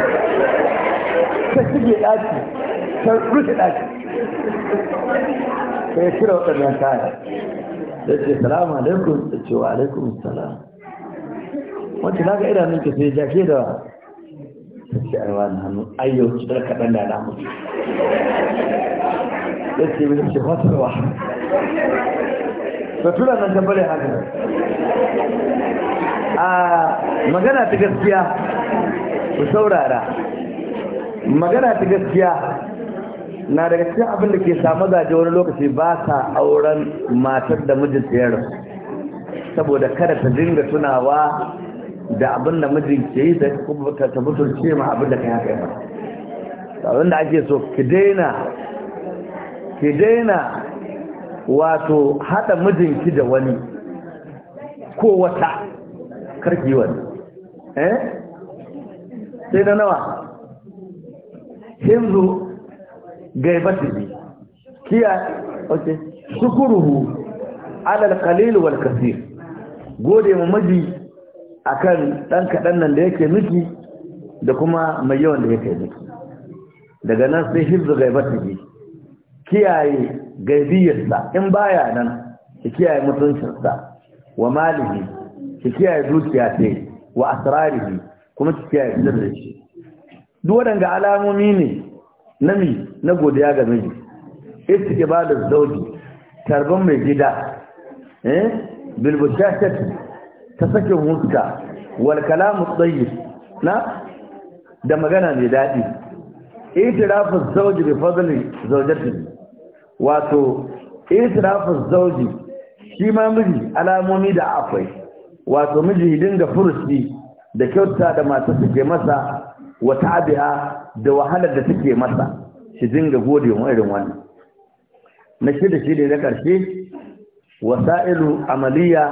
Speaker 1: ta shige ɗaki ta rufe ɗaki sai kira waɗannan kaya da ce salamu alaikum da ce wa alaikum salam wacce na ga idanun ke sai jake da ta ce aiwa na hannu ayyau ci ɗar kaɗan da na mutu da ce mai ce fatarwa sutura nan tambare haka
Speaker 2: a
Speaker 1: magana ta gaskiya ku saurara magana ta gaskiya na daga cikin abin da ke samu zaje wani lokaci ba sa auren matar da mijin yaro, saboda kada ta dinga tunawa da abin da mijin ke yi da kuma ta mutunce ma abin da kai haka yi abin da ake so ki daina ki daina wato haɗa mijinki da wani ko wata karki wani eh sai da nawa himzu gaibati bi kiya ok shukuruhu ala alqalil wal kaseer gode mu miji akan dan kadan nan da yake miki da kuma mai yawan da yake miki daga nan sai himzu gaibati bi. kiyaye gaibiyarsa in baya nan ki kiyaye mutuncinsa wa malihi ki kiyaye dukiya ce wa asrarihi kuma ki kiyaye sirri duk waɗanda alamomi ne na mi na godiya ga miji istiqbalul tarban mai gida eh bil ta sakin huska wal kalamu na da magana mai daɗi itirafin zauji bi fadli zaujati wato israfin zauji shi ma miji alamomi da akwai wato miji dinga furusi da kyauta da mata suke masa wa tabi'a da wahalar da suke masa shi dinga gode wa irin wannan na shida shi ne na ƙarshe wasa'ilu amaliya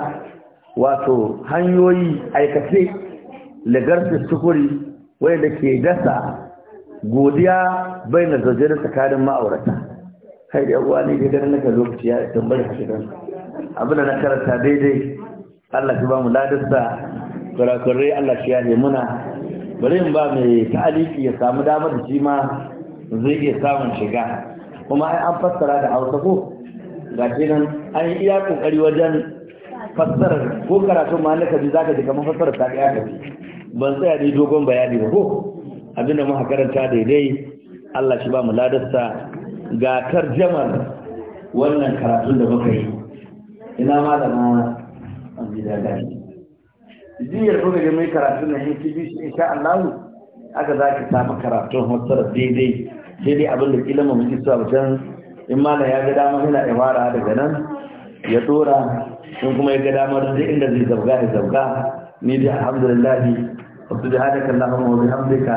Speaker 1: wato hanyoyi aikace lagarta sukuri wanda ke dasa godiya bai na zaune tsakanin ma'aurata kai da yawa ne dai na naka lokaci ya tambar ka shirin abin da na karanta daidai Allah shi ba mu ladarsa kurakurai Allah shi ya ne muna bari in ba mai ta'aliki ya samu damar da shi ma zai iya samun shiga kuma ai an fassara da hausa ko ga shi nan an yi iya kokari wajen fassarar ko karatun ma naka ji zaka ji kamar fassarar ta ɗaya ka ban tsaya dai dogon bayani ba ko abinda muka karanta daidai Allah shi ba mu ladarsa ga tarjamar wannan karatun da muka yi ina malama an ji daga ne jiyar kuka ga mai karatun na hkb shi insha Allah aka za samu karatun hotsar daidai daidai abin da kila mu muke so a can in mala ya ga dama yana ibara daga nan ya dora in kuma ya ga damar duk inda zai zabga ya zabga ni da alhamdulillah subhanaka allahumma wa bihamdika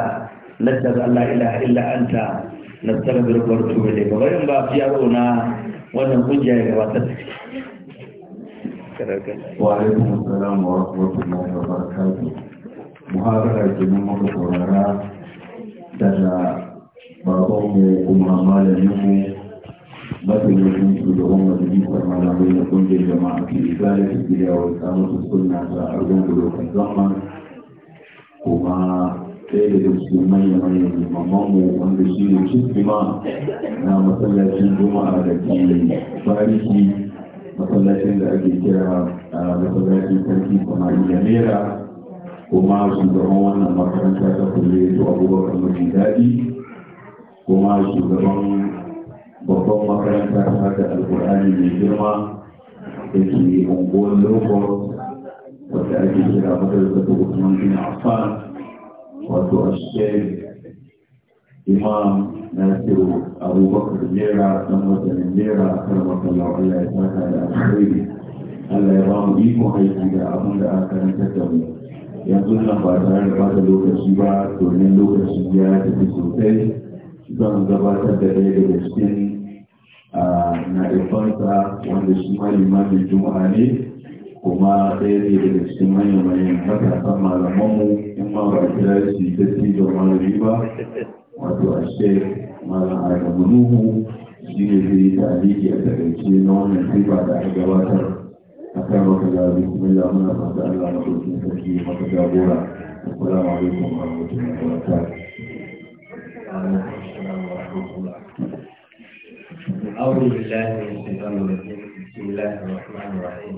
Speaker 1: nashhadu an la ilaha illa anta na tsarkar
Speaker 3: kwarto da ga bayan ba fiya na wannan hujja ya gabatar wa alaikum assalam wa rahmatullahi wa barakatuh muhabara kenan muka saurara daga baban mu kuma malamin mu da shugaban majalisar malamai na kungiyar jama'a ke zalifin gida wa samun sunna ta argon gudu kan zama kuma ɗaya daga cikin manya manyan limamanmu wanda shi ne cikima na masallacin juma'a da ke bariki masallacin da ake kira masallacin sarki samariya naira kuma shugaban wannan makaranta ta kulle to abubakar mafi daɗi kuma shugaban babban makaranta ta haka alkur'ani mai girma da ke unguwar lokos wadda ake kira madarsa ta usman bin affan wato a shi imam na cewa abubakar jera dan watannin jera a kan matsala Allah ya saka da alkhairi Allah ya ba mu ikon aiki da abin da aka karanta da mu yanzu nan ba tare da bata lokaci ba domin lokaci ya tafi sosai zan gabatar da ɗaya daga cikin ah, na ifansa wanda shi ma limamin juma'a ne kuma ɗaya ne daga cikin manyan manyan matasan malamanmu in ma ba a kira shi dattijon malami ba wato a shek malam adamu nuhu shi ne zai yi tarihi a takaice na wannan sifa da aka gabatar a kan maka gabi kuma ya muna fata Allah na ɗauki sarki maka jagora assalamu alaikum wa rahmatullahi wa barakatuh
Speaker 4: أعوذ بالله من الشيطان الرجيم بسم الله الرحمن الرحيم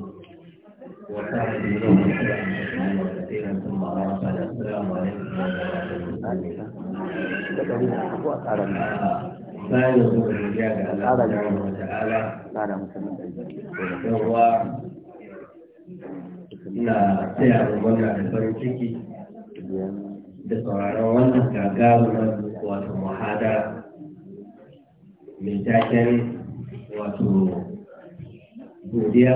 Speaker 4: وكان يوم كثيرا
Speaker 3: ina taya magana da
Speaker 4: farin ciki da sauraron wannan gagarumar wato muhada mai taken wato godiya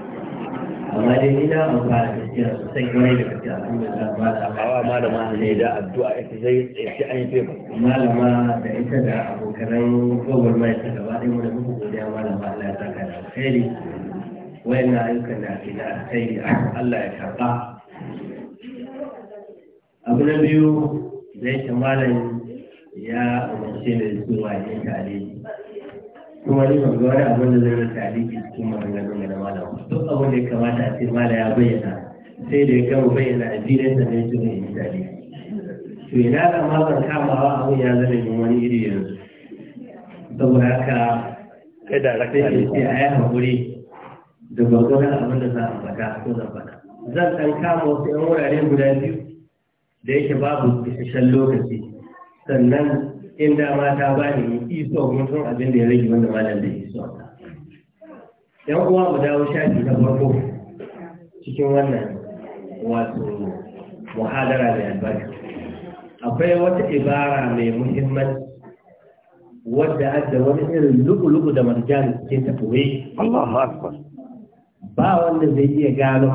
Speaker 4: amma dai ni na amfana gaskiya sosai kwarai da gaskiya alhamdulillah ba da hawa malama ne da
Speaker 1: addu'a ita zai tsaye an yi fefa malama da ita da abokanan gobar mai ta gaba ɗaya wanda muku godiya malama Allah ya
Speaker 4: saka da alkhairi wayannan ayyukan da ake da alkhairi Allah ya karɓa abu na biyu da yake malam ya umarce da zuwa yin tare kuma ne ban wani abin da zai rasa aliki cikin maganganun da malam duk abin da ya kamata a ce malam ya bayyana sai da ya gama bayyana a addinin da zai tuni ya misali to ina da mazan kamawa abin ya zama yin wani iri yanzu saboda haka
Speaker 1: kada rakai a yi a yi haƙuri
Speaker 4: da gwagwaran abin da za a faɗa ko zan faɗa
Speaker 1: zan ɗan kama
Speaker 4: wasu 'yan wurare guda biyu da yake babu isasshen lokaci sannan in dama ta ba ni iso mutum abin da ya rage wanda malam da iso ta yan uwa mu dawo shafi na farko cikin wannan wato muhadara da albarka akwai wata ibara mai muhimmanci wadda adda wani irin lugu-lugu da marjan cikin tafiye. Allah ba wanda zai iya gano